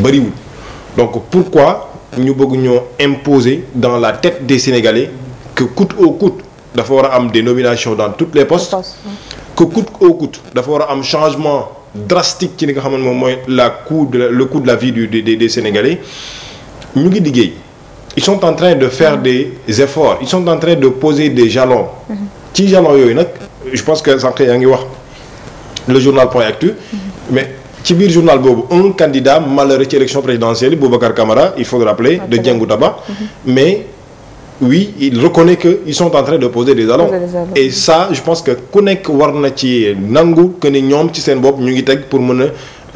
bëriwul donc pourquoi ñu bëgg ñoo imposer dans la tête des Sénégalais que coûte au coûte dafa war a am des nominations dans toutes les postes que coûte au coûte dafa war a am changement drastique ci li nga xaman ne moom mooy la coût de la, le vie du des des Sénégalais ñu ngi liggéey ils sont en train de faire mm-hmm. des efforts ils sont en train de poser des jalons mm-hmm. ci jalons yooyu nag je pense que sànq yaa ngi wax le journal Point Actu mm-hmm. mais ci biir journal boobu un candidat malheureux ci élection présidentielle Boubacar Camara il faut le rappeler de Diengou Daba mhm. mais oui il reconnaît que ils sont en train de poser des jalons et ça je pense que ku nekk war na ci nangu que ni ñoom ci seen bopp ñu ngi teg pour mën a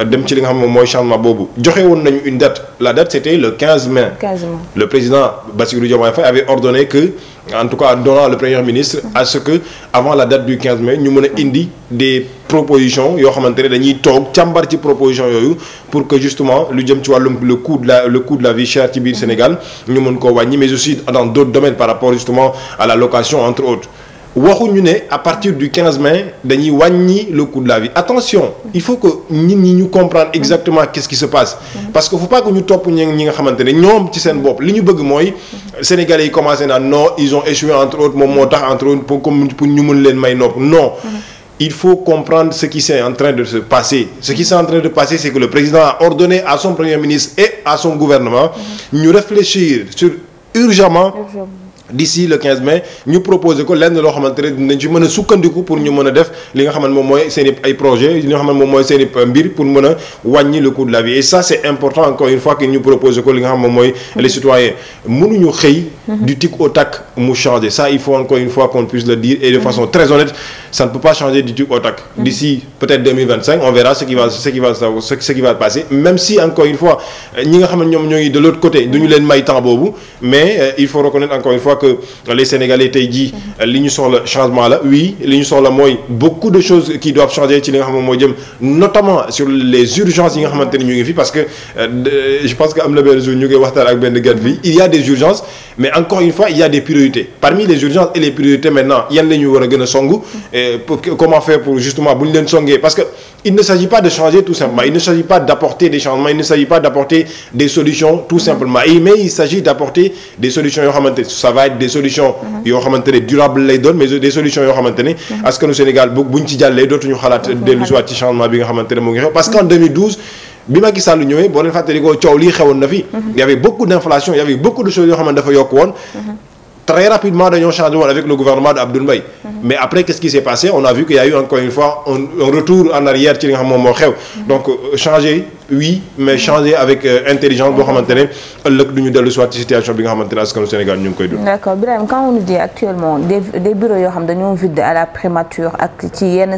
dem ci li nga xam ne mooy changement boobu joxe woon nañu une date la date c'était le 15 mai. le président Bassirou Diomaye Faye avait ordonné que en tout cas donnant le premier ministre mm-hmm. à ce que avant la date du 15 mai ñu mën a mm-hmm. indi des propositions yoo xamante ne dañuy toog càmbar ci proposition yooyu pour que justement lu jëm ci wàllum le coût de la le coût vie chère ci biir mm-hmm. Sénégal ñu mën koo wàññi mais aussi dans d'autres domaines par rapport justement à la location entre autres. waxuñu ne à partir du 15 mai dañuy wàññi le coût de la vie attention il faut que nit ñi ñu comprendre exactement qu'est-ce qui se passe parce que faut pas que ñu topp ñi nga xamante ne ñoom ci seen bopp li ñu bëgg mooy sénégalais yi commencé na non ils ont échoué entre autres moom moo tax entre autres pour comme pour ñu mën leen may nopp non il faut comprendre ce qui s'est en train de se passer ce qui s'est en train de passer c'est que le président a ordonné à son premier ministre et à son gouvernement ñu d'ici le mai ñu proposé ko lenn loo xamante ne dinañ ci mën a sukkandiku pour ñu mën a def li nga xam moom mooy seen ay projet li nga xam moom mooy seen mbir pour mën a wàññi le coût de la vie et ça c' important encore une fois que ñu proposé ko li nga xam moom mooy les citoyens mënuñu xëy du tic au mu changer ça il faut encore une fois qu'on puisse le dire et de façon très honnête ça ne peut pas changer du tic au que les Sénégalais li ñu soxla changement la oui li ñu soxla mooy beaucoup de choses qui doivent changer ci li nga xam ñu ngi fi parce que euh, je pense que am na benn jour ñu ngi waxtaan ak benn gerte bi il y des urgences mais encore une fois il y des priorités parmi les urgences et les priorités maintenant yan la ñu war gën a songu comment faire pour justement bu leen songee parce que il ne s'agit pas de changer tout simplement il ne s'agit pas laaj des yoo xamante durable lay doon mais des solutions yoo xamante ne askanu Sénégal bu buñ ci jàllee dootuñu xalaat dellu si waat ci changement bi nga xamante mu ngi xew parce en 2012 bi Macky Sall ñëwee boo leen fàttalikoo coow lii xewoon na fi mhm. y avait beaucoup d'inflation y avait beaucoup de choses yoo xamante dafa yokk woon mhm. très rapidement dañoo le gouvernement de Abdoul Mbaye mhm. mais après qu'est-ce qui s'est passé on a vu qu'il y a eu encore une fois un, retour en arrière ci nga xam moom mhm. donc euh, changer oui mais mhm. changer avec euh, intelligence boo xamante ne ëllëg du ñu dellu soit situation bi nga xamante ne Sénégal ñu ngi koy dund. d'accord quand on nous dit actuellement des des bureaux yoo xam dañoo vide à la primature ak ci yenn